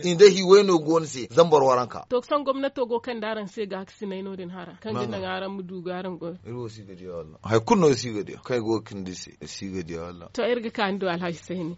inda hi weno gonse zambar waranka to san gwamnato togo kan daran se ga nai no din hara kan gina ngaran mu dugaran go iro si gadi Allah hay kunno si gadi kai go kin disi si gadi Allah to irga kan do alhaji sahini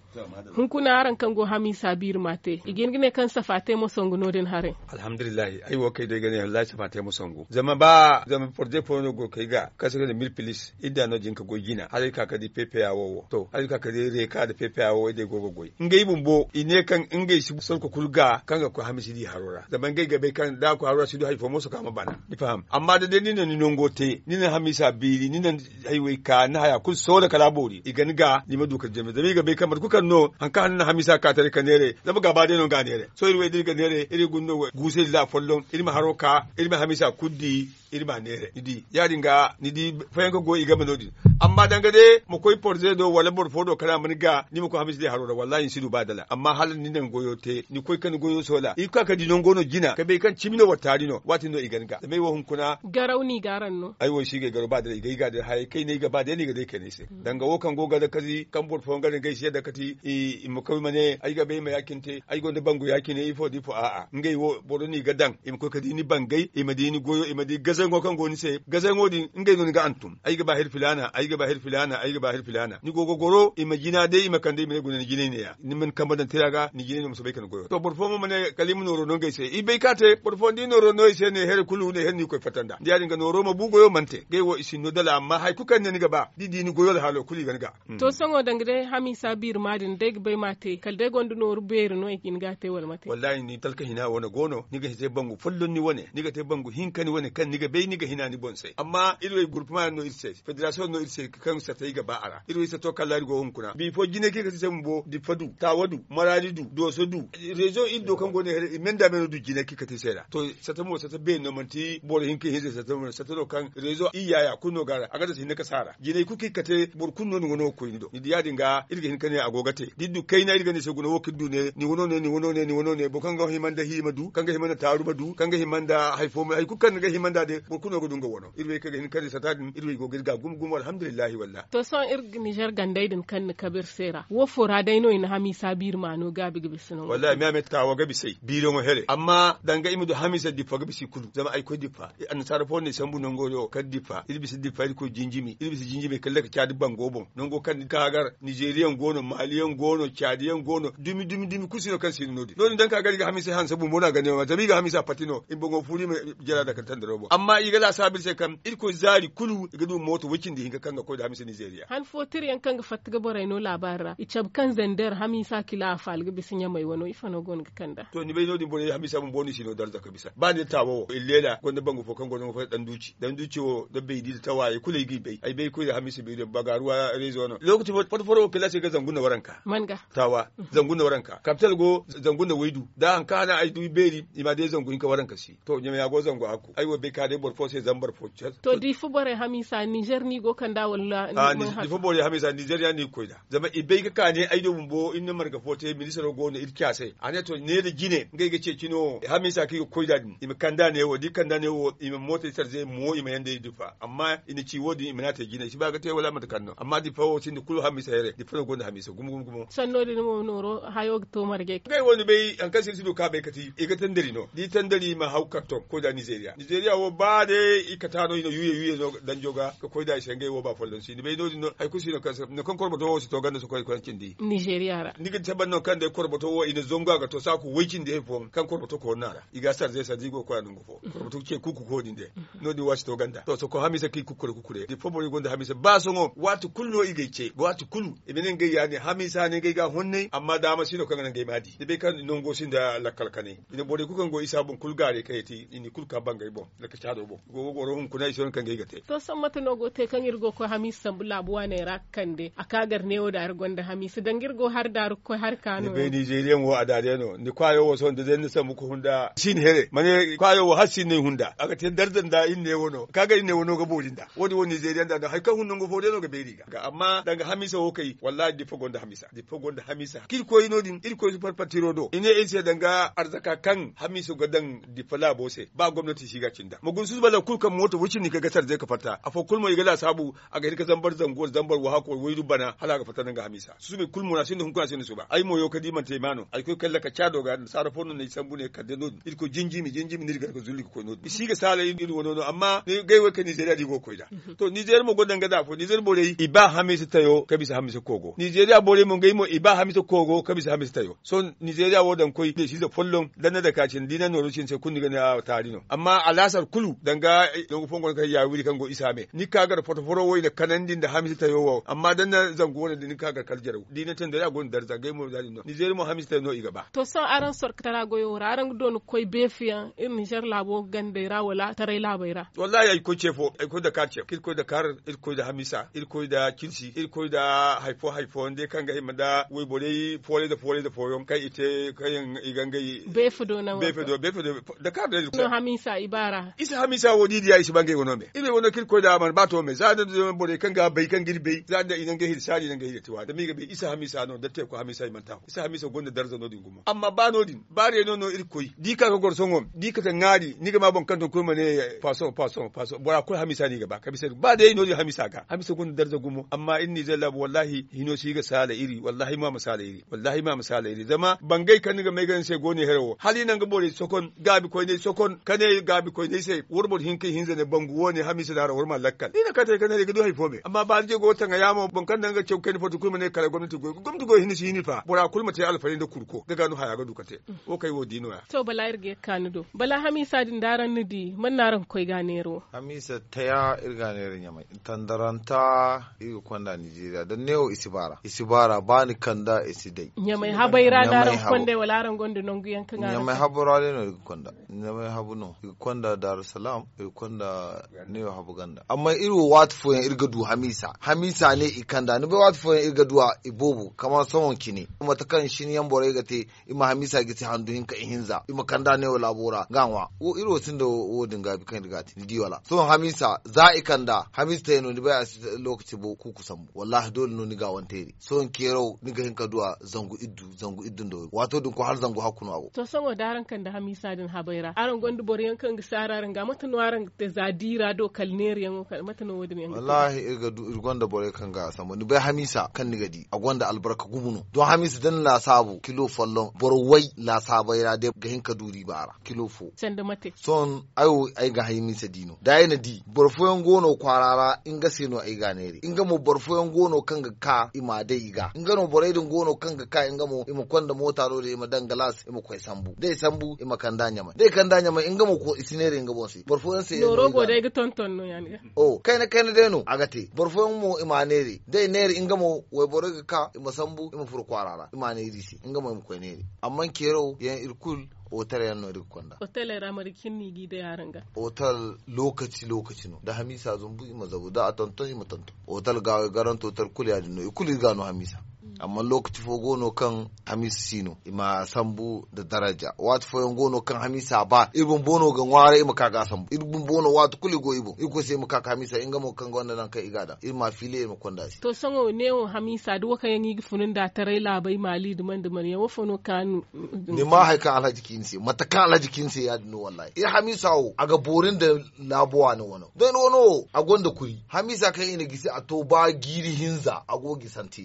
hun kuna aran kan go hami sabir mate hmm. igin gine kan safate mo songo no din hare alhamdulillah ai wo kai dai gane safa safate mo songo zama ba zama project fo no go kai ga kasaga da mil pilis idda no jinka go gina hare ka di pepe awo to to alika ka de reka da pepa wo de gogo in ngai bumbo ine kan in ngai shi sol kulga kan ga ku hamisi di harura da ban gai gabe kan da ku harura shi do haifo musu ma bana ni faham amma da dai nina ninon gote nina hamisa biri nina haiwai ka na haya kun so da kalabori igan ga ni ma dukar jami da gabe kamar kukan no an ka hanna hamisa ka tare ka nere da ba gaba da non ga nere so irwe dir ga nere iri gunno guse da follon iri ma haroka iri ma hamisa kuddi iri ma nere idi ya dinga ni di fayan go iga manodi amma dangade mu koi porze do wala lambar fodo kana mun ga ni muku hamis dai harora wallahi sidu badala amma halin ni nan goyo te ni koi kan goyo sola i ka kadi non gono jina ka be kan chimino watari no wati no igan ga me wo hun kuna garawni garan no ai wo shige garo badala igai ga dai hay kai ne ga badai ne ga dai kane se hmm. dan ga wo kan goga da kazi kan bor fon garin gaishe da kati i mukawi mane ai ga be mai yakin te ai gonda bangu yakin ne ifo difo a a ngai wo boro ni ga dan im koy kadi ni bangai i madini goyo i madini gazan go kan goni se gazango di ngai no ni ga antum ai ga bahir filana ai ga bahir filana ai ga bahir filana ni gogo goro ima gina dai ima kan dai mene gune gine ne ya ni min kamba dan tiraga ni gine ne musu bai kan goyo to borfo mu mene kalimu noro non gaise i bai kate borfo ndi noro no ise ne her kulu ne her ni ko fatanda ndiya dinga noro ma bugo yo mante gai wo isin no dala amma hay kukan ne ni gaba di di ni goyo da halo kuli ganga hmm. to songo dangre hami sabir madin dai bai mate kal dai gondu noro beru no ga te wal mate wallahi ni talka hina wona gono ni ga hise bangu fullun ni wone ni ga te bangu hinkani wone kan ni ga bai ni ga hina ni bonse amma irwe groupement no irse federation no irse kan sa tai gaba ara irwe sa to kal lari ko hunkuna bi fo jine ke ka sem bo di fadu ta wadu maradi du do so du rezo in do kan go ne men da men du jine ke ka ti sera to sata mo sata be no manti bo bor hinke hinse sata mo sata do kan rezo ya kuno gara aga da sinne ka sara jine ku ke ka te bor kunno ni gono ko indo ni diadi nga irge hinke ne agogate diddu kai na irge ne se gono wokin du ne ni wono ne ni wono ne ni wono ne bo kan ga himanda himadu kan ga himanda taru du kan ga himanda haifo mai ku kan ga himanda de bor kunno go dunga wono irwe ke hin kane sata irwe go gilga gum gum alhamdulillah wallah to son irge Niger gande leydin kan ni kabir sera wo fora n'o ina bir ma no gabi gabi sino wallahi mi amet kawo gabi sai biro mo hele amma danga do hamisa dipa gabi si kulu zama ay ko dipa eh, an sara fo ne sambu nongo yo kad dipa ilbisi dipa ko jinjimi ilbisi jinjimi kallaka kyadi bango bon nongo kan kagar nigerian gono malian gono kyadian gono dumi dumi dumi kusino kan sino nodi nodi danka gari ga hamisa han sabu mona ga ne ma tabi ga hamisa patino in bongo furi me jela da kan tandaro amma amma iga la sabir sai kan irko zari kulu ga do moto wakin di hinga kan ga ko da hamisa nigeria han fo yan kan fatga boray no labarra icab kan zender hamisa kila afalga bisinya mai wano ifano gonga kanda to ni bai no dimbone hamisa mun boni sino darza kabisa ba ne tawo illela gonda bangu fokan gonda fa dan duci dan duci wo da bai di tawaye kulai gi bai ai bai ko hami hamisa bai da bagaruwa rezo no lokacin kila kilasi ga zanguna waranka manga tawa zanguna waranka capital go zanguna waidu da an kana ai du beri ima dai zangun ka waranka si to nyama ya go zangu aku ai wo bai ka dai borfo sai zambar fo to di fu bore hamisa niger ni go kanda walla ah, ni di fu bore hamisa nigeria ni koyda zama ibe ka kane aido mumbo inna marga fote minister go na irkiya sai ane to ne da gine ngai ga ce kino hamin sa ki koyda din im kanda ne wodi da ne wo im mota tar zai mo im yanda dufa amma ina ci wodi im na ta gine shi ba ga te wala mata kanno amma di fa wocin ha min sa yare di fa go min sa gum gum gum sanno di mo noro ha yo to marge ngai woni bai an kasir su ka bai kati e ga tandari no di tandari ma hauka to ko da nigeria nigeria wo ba de ikatano e ino yuye yuye no dan joga ko koyda shi ngai wo ba follon shi ni bai no ai kusi no kasa no kan korbo to wo sito ganda so koy kan cindi nigeria ra ni taban banno kan de to wo ina zonga ga to sa ku wikin de fo kan korbo to ko nara iga sar zai sa zigo ko anungo fo mhm. korbo to ke kuku ko dinde mhm. no di wasito ganda to so ko hamisa ki kuku ko kure di fobo gonda hamisa ba so ngo watu kullo iga ce watu kullu ibinin ga yani hamisa ne ga honne amma da dama sino kan nan ga madi de be kan non go sin da lakkal kane ina bore ku kan go isa bun kulgare kai ti ini kulka bangai bon laka chado bo go go ro hun kunai ison kan ga gate to san mata no go te kan irgo ko hamisa bula buwa ne rakkande a kagar ne da argon gonda hami su dangirgo har da ko har kano be nigerian wo adare no ni kwayo wo son da zai nisa muku hunda shin here mane kwayo wo hasi ne hunda aka tin darzan da in ne wono kaga in ne wono ga bodin da wodi wo nigerian da har kan hunnon go fode no ga beri ga amma daga hamisa wo kai wallahi di gonda hamisa di gonda hamisa kil ko ino din il ko su farfatiro do ine in sai danga arzaka kan hamisa gadan di fala bose ba gwamnati shiga cinda mugun su bala kulkan mota wucin ni kaga sar zai ka farta afo kulmo igala sabu aga hirka zambar zango zambar wa hako wai du bana hala ga fatanan ga hamisa su bi kul munasin da hunkuna sinu su ba ai moyo kadi man taimano ai ko kallaka ka chado ga sara fonno ne sambu ne kadde nod il ko jinji mi jinji mi nirga ko zuli ko no shi ga sala yi dil wono amma ne gai waka nigeria di go ko koida mhm. to nigeria mo godan gada fo nigeria bore yi iba hamisa tayo kabisa hamisa kogo nigeria bore mo gai mo iba hamisa kogo kabisa hamisa tayo so nigeria wodan koi ne shi da follow dan da ka cin dinan no cin sai kun ga na tarino amma alasar kulu dan ga eh, don fongon kai ya wuri kan go isame ni kagar fotoforo woi da kanandin da hamisa tayo amma dan na zango da din kaga kaljar dinin tan da ya gon dar zagai mu zali no nijer mu hamis tan no iga ba to san aran sor katara goyo aran don koy befiya in nijar labo gande ra wala tare la bayra wallahi ay ko chefo ay ko da karche kil ko da kar il ko da hamisa il ko da kinsi il ko da haifo haifo de kan ga himada we bore fole da fole da foyon kai ite kayan igangai befido na befido befido da kar da no hamisa ibara isa hamisa wodi dia isi bangai wono me ibe wono kil ko da man bato me za da bore ga bai kan girbe za da ga sari nan ga tuwa da miga bi isa hamisa no da te ko hamisa man ta isa hamisa gonda darza no din guma amma ba no din bare no no ir koi di ka gor songo di ka ta ngari ni ga ma bon kanto ko ne paso paso paso bora ko hamisa ni ga ba ka sai ba dai no di hamisa ka hamisa gonda darza gumo amma inni zalla wallahi hino shi ga sala iri wallahi ma masala iri wallahi ma masala iri zama bangai kan ga mai gan sai gone herwo hali nan ga bore sokon gabi koi ne sokon kane gabi koi ne sai wurbur hinke hinza ne bangu woni hamisa da rawar mallakal ina ka ta kana ga do haifo me amma ba je go ta ga yamo bon kan ga ce kai fotu kuma ne kare gwamnati goyi gwamnati go hinni shini fa bura kulma ta alfarin da kurko daga no haya ga dukate mm. o kai wo dino ya to bala irge kanudo bala hamisa din daran nidi man naran koi ganero hamisa taya irganero nyamai tandaranta igo kwanda nigeria da neo isibara isibara bani kanda isidai nyamai habaira daran konde wala ran gondo non guyan kan nyamai habura le no kwanda nyamai habuno kwanda dar salam kwanda neo habuganda amma iru watfo yan irga du hamisa hamisa ne ikan handa ni be wat fo iga duwa ibobu kamar sawon kini kuma ta kan ni yan bore ga te ima hamisa giti handu hinka hinza ima kanda ne wala bora ganwa wo iro sun da wo dinga bi kan diga tin diwala sawon hamisa za da hamisa ta yano ni ba lokaci bo ku kusan wallahi dole no ni ga wanteri sawon kero ni ga hinka duwa zangu iddu zangu iddun da wato dun ko har zangu hakuno awo to saboda ran kan da hamisa din habaira aran gondu bore yankan ga sararin ga matan waran ta zadira do kalneri yan matan wodin yan wallahi irga du gonda bore kan ga samu mo ni bai hamisa kan ni gadi gwanda albarka gumuno don hamisa dan la sabu kilo fallon borwai la saba ira de gahin kaduri bara kilo fo sanda mate son ayo ai ga hamisa dino da yana di borfoyan gono kwarara in ga seno ai ga ne in ga mu borfoyan gono kan ga ka ima dai ga in ga no boraidin gono kan ga ka in ga mu ima kwanda mota ro da ima dan glass ima kwai sambu dai sambu ima kan da mai dai kan danya mai in ga mu ko isinere in ga bosi borfoyan se yoro go dai ga tonton no yani oh kai na kai na dai no agate borfoyan mu ima ne dai neri in gama wai ga ka ima sambu ima furu kwarara ima ne irisi in gama ima kwai neri amma kero yan irkul otal yan nori kwanda otal era marikin ni gida yaran ga otal lokaci lokaci no da hamisa zumbu ima zabu da atonton ima tonton otal ga garan total kul ya dinno ikul ga no hamisa amma lokaci fo gono kan hamis sino ima sambu da daraja watu fo gono kan Hamisa ba ibun bono ga ware ima kaga sambu ibun bono watu kuli go ibu iko se ka kaka hamisa inga mo kan gonda nan kai igada ima file ima konda si to sango ne o hamisa do kan yin gifunun da tarai labai mali duman duman ya no kanu ne ma haikan alhaji kinse mata kan alhaji kinse ya dinu wallahi eh hamisa o aga borin da labuwa ne wono don wono a gonda kuri hamisa kan ina gisi a to ba giri hinza ago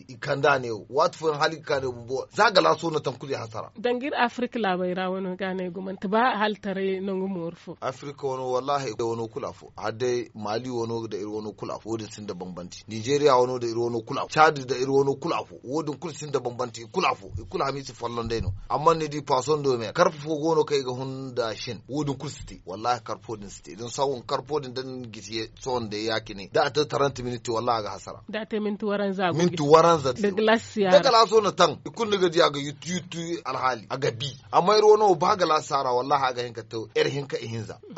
ikanda ne o wat fo hali kane zaga zagala so na tankuli hasara dangir afrique la bayra wono gane gumant ba hal tare nongo morfo afrique wono wallahi da wono kulafo fo hadde mali wono da ir wono kulafo fo wodin sin da nigeria wono da ir wono kulafo chad da ir wono kulafo fo wodin kul sin da bambanci kula fo kula mi si fallon dai no amma ne di poisson do me karfo gono kai ga hunda shin wodin kul siti wallahi karfo din siti don sawon karfo din dan gitiye son da yaki da ta 30 minutes wallahi ga hasara da ta minti waran za mintu waran za da glass gagala so na tan kunni gaji aga yutu alhali aga bi amma iro no ba gala sara wallahi aga hinka ta er hinka a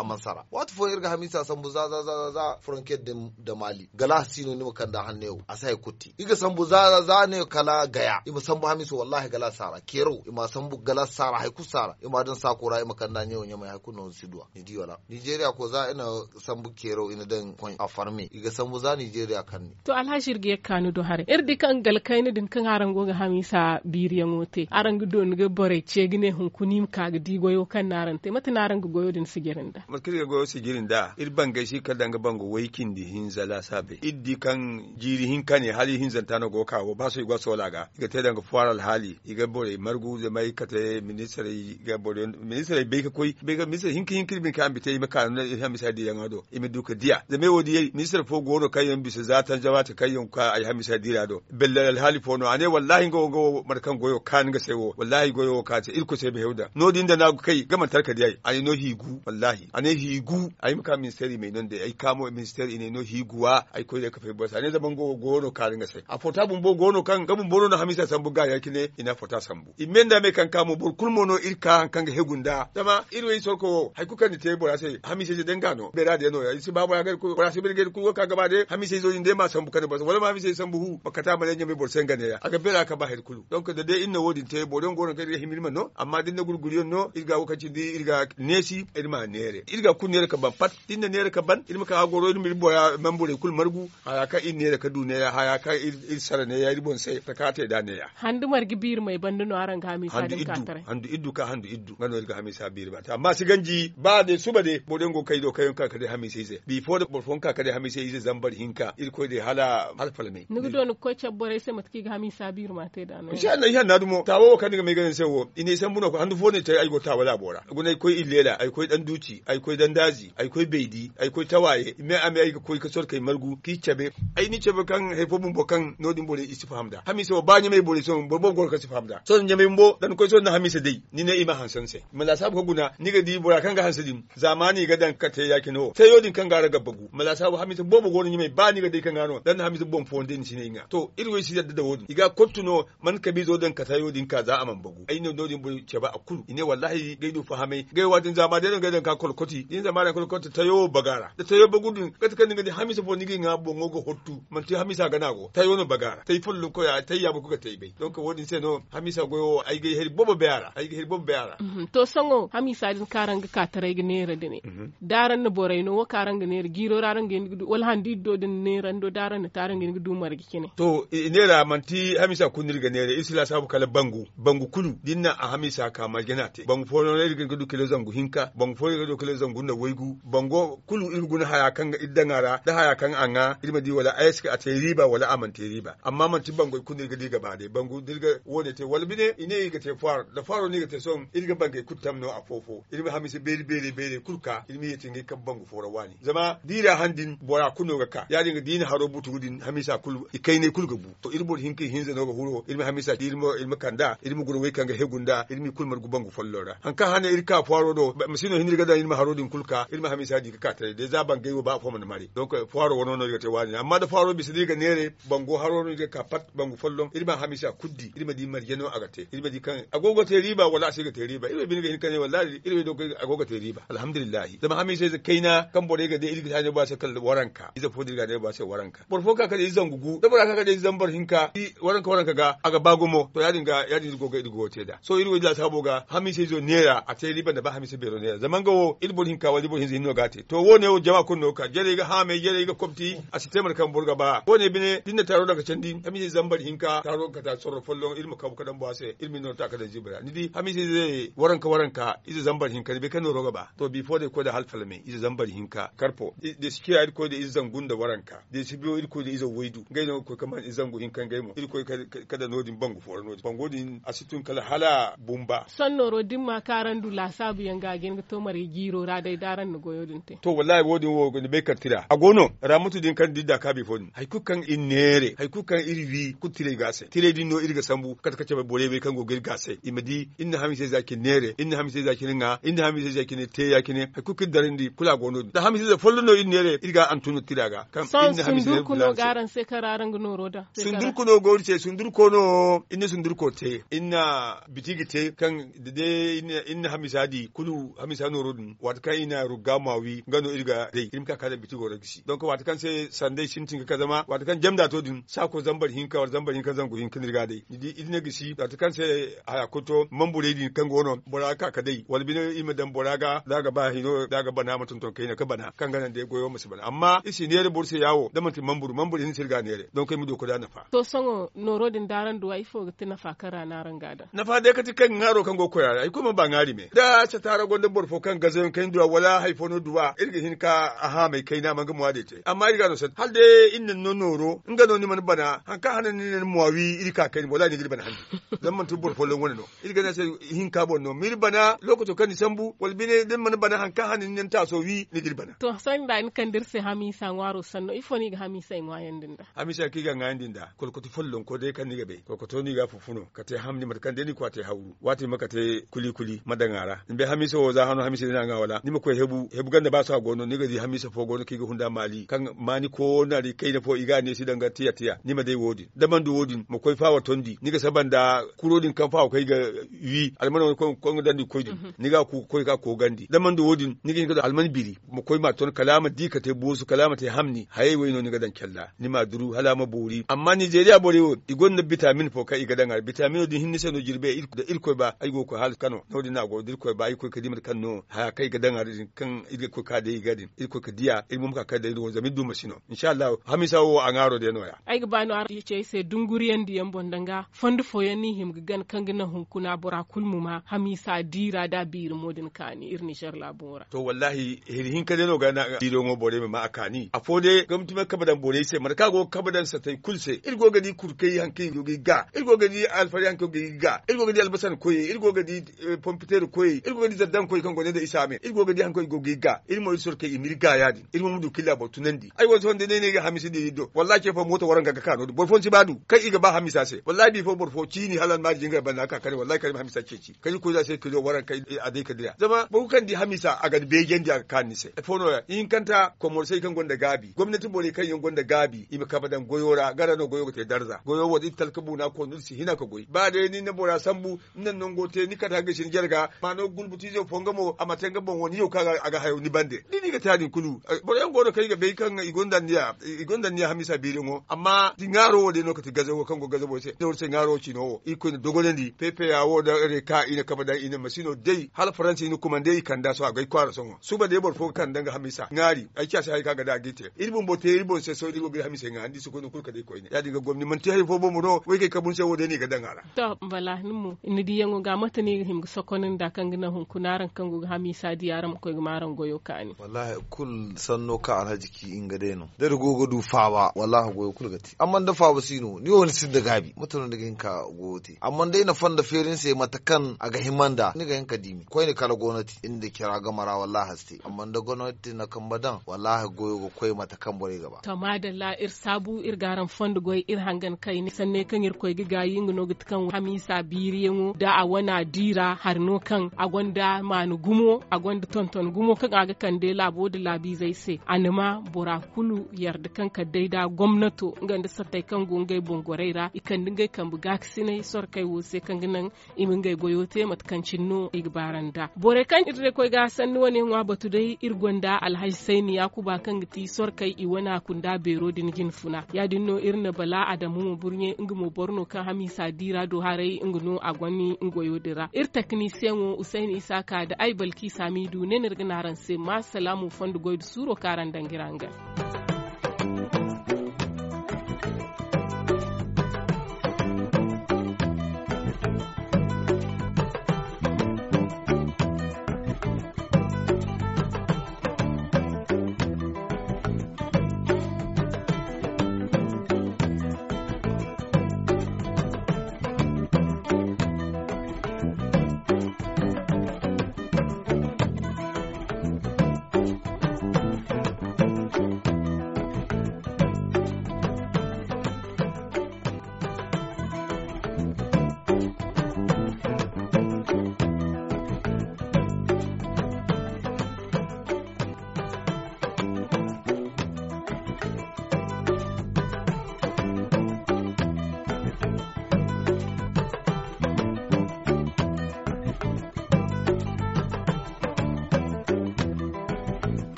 amma sara wat fo irga hamisa sambu za za za za franket da mali gala sino ni makan da a yau ya kutti iga sambu za za ne kala gaya ima sambu hamisu wallahi gala sara kero ima sambu gala sara haiku sara ima dan kura ima kan da ne yau mai haiku no sidwa ni di wala nigeria ko za ina sambu kero ina dan a afarme iga sambu za nigeria kan ni to alhashir ya kanu do hare irdi kan galkai ni din kan kan aran goga hamisa biriya ngote aran gudo nga bore chegine hun kunim ka di goyo kan naran te mata naran go goyo din sigirinda matkir goyo sigirinda ir banga shi kada nga bango waikin di zala sabe iddi kan jiri hin kane hali hinzan tano go kawo ba so igwa sola ga iga te danga fuara al hali iga bore margu da mai kata minister iga bore minister be ka koi be ga minister hinki hinki kirbin ka ambite mai ka na hamisa di yan ado imi duka dia da me wodi minister fo goro kayan bisa zatan jama'a kayan ka ai hamisa di do bellal al hali fo no no ane wallahi go go markan goyo kan ga sewo wallahi goyo ka ce ilku sai be hewda no din da na kai ga mantar ka dai ai no higu wallahi ane higu ai muka ministry mai nan da ai kamo ministry ne no higuwa ai ko da ka fa bosa ne zaman go gono ka ringa sai a fota bun bo gono kan ga bun bono na hamisa sambu ga yaki ne ina fota sambu imenda me kan kamo bur kulmo no irka kan ga hegunda dama irwe sorko hay kukan ni tebo sai hamisa je denga no be radio no ya si babu ya ga ku ko sai be ga ku ka gaba dai hamisa zo inde ma sambu kan ba wala ma hamisa sambu hu bakata ma ne me bor sen ga ne da aga bela ka ba kulu. donc da dai inna wodin te bodon goron ka irga himirma no amma dinna gurguriyon no irga wakati di irga nesi irma nere irga kun nere ka ban pat dinna nere ka ban irma ka goro irmi boya mambure kul margu haya ka in nere ka du ya haya ka ir sara ne ya ribon sai ta ka da ne ya handu margi bir mai bandu no aran ka mi sadin ka handu iddu ka handu iddu ngano irga hami sa bir ba amma si ganji ba de suba de bodon go kai do kayon ka sai sai before ka sai zambar hinka irko de hala halfalme nugo don ko sai matki ga ni sabir ma te da ne sha Allah sha na dumo tawo kan mai ganin wo ine san buna ko handu fone tai aigo tawo da bora gune koi illela ai koi dan duci ai koi dan daji ai koi beidi ai koi tawaye me ame ai koi kasor kai margu ki chebe ai ni chebe kan hefo bumbo kan nodin bore istifamda hamise wa banye mai bore son bobo ka sifamda son nyame mbo dan koi son na ni ne ima hansan se mala ko guna ni ga di bora kan ga hansidin zamani ga dan kate yake no sai yodin kan ga raga bagu mala sabu hamise bobo gor ni mai ba ni ga dai kan gano dan hamise bom fonde ni shine inga to irwe shi da da wodin iga kottuno man zo dan katayo din ka za a man bagu ai ne dodin bu ce ba akulu ine wallahi gaidu fahamai gai wadin zama dai gaidan ka kolkoti din zama da kolkoti tayo bagara da tayo ka kata kan ngadi hamisa fo nigi nga bongo go hotu man ti hamisa gana go tayo no bagara tayi fullu ko ya tayi ya bu ka tayi bai ka wadin sai no hamisa go ai gai heri bobo bayara ai gai heri bobo bayara mhm. to sango hamisa din karanga ka tarai gnere ne mhm. daran no borai no karanga gnere giro raran gnere wal handi do din ne rando daran taran gnere du gi kine to ne ra man ti di hamisa kundir ganere isla sabu kala bangu bangu kulu dinna a hamisa ka margenate bangu fono ne diga gudu kele zangu hinka bangu fono gudu kele zangu na waigu bango kulu irgun haya kan ga iddangara da haya kan anga irma di wala aiska a riba wala amante riba amma man ti bangu kun ga diga bade bangu dirga wone te walbine ine yiga te far da faro ne ga te son irga bangai kuttam no a fofo irma hamisa beri beri beri kulka irma yete ngai kan bangu fora wani zama dira handin bora kuno ga ka ya dinga dina haro butu din hamisa kulu ikaine kulga bu to irbol hinki hinze no huro ilmi hamisa ilmo ilmi kanda ilmi gurwe kanga hegunda ilmi kulmar gubangu follora ka hana irka faro do masino hinri gada ilmi harodin kulka ilmi hamisa di ka tare de zaban bangai ba fo man mari donc faro wono no yote wani amma da faro bisidi ga nere bango haro no ga ka pat bangu follon ilmi hamisa kuddi ilmi di yeno agate ilmi di kan agogo te riba wala sai ga te riba ilmi bin ga hin kane wallahi ilmi do agogo te riba alhamdulillah da hamisa ze kaina kan bore ga de ilmi ne ba sai kal waranka iza fodi ga de ba sai waranka borfo ka ka izan gugu da baraka ka da izan bar hinka waran ka waran ka ga aga bagumo to yadin ga yadin go ga go da so iru wajla sabo ga hamise zo nera a te liban da ba hamisi bero nera zaman ga wo ilbon hin ka wali hin zino gate to wo ne wo jama kun no ka jere ga hame jere ga kopti a sistemar kan burga ba wo ne bine dinna taro daga candi hamise zambar hin ka taro ka ta sorro follon ilmu ka buka dan bo ilmi no ta ka da jibra ni di hamise zai waran ka waran ka izu zambar hin ka be kan roga ba to before da ko da halfalme izu zambar hin ka karpo da shi ko da izu zangun da waran ka de shi biyo ko da izu waidu gaino ko kaman izu zangu hin kan gaimo koy kada nodin bangu fora nodin bango din asitun kala hala bumba sannoro ma karandu la sabu yanga gen to mari giro ra dai daran no goyodin te to wallahi wodin wo ne be kartira agono ramutu din kan didda kabi fon hay kukan inere hay kukan irvi kutire gase tire din no irga sambu kata kace bore be kan go gir gase imadi inna hamise zaki nere inna hamise zaki nga inna hamise zaki ne te yaki ne hay kukin darindi kula gono da hamise da follo no inere irga antuno tiraga kan inna hamise kuno garan se kararan gnoro sun dun kuno gori ce durko no inna sun durko te inna bitigi te kan dede inna, inna hamisadi kulu hamisano rodun wat kan ina rugga mawi gano irga dai ka kada bitigo ragisi ka wat kan sai sande shintin ka zama wat kan jamda to din sako zambar hinka war zambar hinka zangu hinkin irga dai idi idina gisi wat kan sai haya koto mambure din kan gono boraka ka dai wal bino ima dan boraga daga ba hino daga bana mutun ton kai na ka bana kan ganan da goyo musu bana amma isi ne da bursa yawo da mutum mamburu mamburu ne sirga ne don kai mu doko da nafa to songo norodin daran duwa ifo ti na fakara na rangada na fa dai kati kan ngaro kan goko koyara ai kuma ba ngari me da ce tara gondon borfo kan gazon kan duwa wala haifo no duwa irga hin ka aha mai kai na manga muwade te amma irga no sat hal dai inna no noro inga no ni man bana han ka hanan ni muawi irka kai wala ni girban han man tu borfo lon wono irga na sai hin ka bonno mir bana lokoto kan sambu wal bine din man bana han ka hanan ni ta so wi ni girban to san da in kan dirse hamisa ngwaro sanno ifo ni ga hamisa ngwayen dinda hamisa ki kiga ngayen dinda kolkoti follo lon ko dai kan nigabe ko ko to ga fufuno ka te hamni mat kan de ni ko te hawru wati maka te kuli kuli madangara be hamiso wo za hanu hamiso na nga wala ni mako hebu hebu ganda ba sa gono ni gadi hamiso fo gono kiga hunda mali kan mani ko na ri kai na fo iga ne sidan danga tiya tiya ni ma dai wodi da man du wodi mo fa fawa tondi ni ga sabanda kurodin kan fawa kai ga wi almano ko ko dan di koy mhm. ni ga ku koy ka ko gandi da man du wodi ni ga almani biri mo ma ton kalama di ka te bosu kalama te hamni haye wayno ni ga dan kella ni ma duru hala ma bori amma nigeria bori i igon vitamin fo kai gadan ar vitamin din hinni seno jirbe ilko da ilko ba ay go ko hal kano no dina go dirko ba ay ko kadimar kano ha kai gadan ar kan ilko ka da gadin ilko ka diya ilmum ka ka da ilko zamin du masino insha Allah hamisa wo an aro de ya ay ga banu ar ce sai dunguri yandi yan bondanga fondu fo yani him gan kan gina hunkuna bura kulmu ma hamisa dira da bir modin kani irni shar labora to wallahi hin ka de no na dido mo bore ma akani afode gamti ma kabadan bore sai ka go kabadan sa tai kulse ilgo gadi kur ke tukai hankin yogi ga irgo gadi alfari hankin yogi ga irgo gadi albasan koyi ga di eh, pompiter koyi ga di zaddan koyi kan gone da isa me irgo gadi hankin yogi ga yi surke yi imir ya di ilmo mudu killa botunandi ai wato wanda ne ne ga hamisi da yido wallahi ke fa mota waran ga kano bo fonci badu kai iga ba hamisa se wallahi bi fo bor fo ci ni halan ma jinga banna ka kare wallahi kare hamisa ce ci kai ko za se kilo waran kai eh, a dai kadira zama kan di hamisa a ga be gen di kan ni se e fono in kanta mor sai kan gonda gabi gwamnati bo ne kan yin gonda gabi ibe badan goyora gara no goyo te darza goyo wadi talkabu na ko nulsi hina ka goyi ba de ni ne bora sambu nan non gote ni kata ga shin jarga ma no gulbuti je fonga mo amatan ga bon woni yo kaga aga hayo ni bande ni ni ga tani kulu eh, bora yango godo kai ga be kan igonda niya igonda niya hamisa biringo amma dingaro wode no kati gazawo kan go gazawo se dor se ngaro chino iko ni dogolen di pepe ya wo da re ka ina kaba da ina masino dai hal faransi ni kuma dai kan da so aga kwara songo suba de bor fo kan danga hamisa ngari ai kya sai kaga da gite ilbon bote ilbon se so ilbon bi hamisa ngandi su ko no kulka dai ko ina ya gomni gwamnati hel fo bo do we ke kabun sewo deni ga dangara to bala nimu ni di yango ga mata ni him sokonin da kan gina hun kunaran kan go ha mi sadi yaram ko maran goyo kani wallahi kul sanno ka alhaji ki inga de no da go du fawa wallahi goyo kul gati amma da fawa sino ni woni sin da gabi mutun da ginka gote amma dai ina fanda ferin sai mata kan a ga himanda ni ga yanka dimi koi ne kala gonati inda kira gamara wallahi haste amma da gonati na kan badan wallahi goyo go koi mata kan bore gaba to madalla ir sabu ir garan fond goyi ir hangan kai ne sanne kan irko giga yin no gitkan hamisa biri yengu da a wana dira har no kan a gonda manu gumo a gonda tonton gumo kan aga kan de labo da labi zai se anima bora kulu yarda kan ka da gwamnato ganda sartai kan gungai bongoreira ikan dingai kan buga sine sor kai wo se kan ginan imin gai goyote kan cinno igbaran da bore kan irre koi ga sanni wani wa batu dai irgonda alhaji saini yakuba kan giti sor kai iwana kunda bero din gin ya dinno irna bala adamu burnye mo borno kan misa dira do harai no agwani yodira ir technicien wo usaini isaka da aibalki samidu ne nirginaran se ma salamu fondu goydu suro karan dangiranga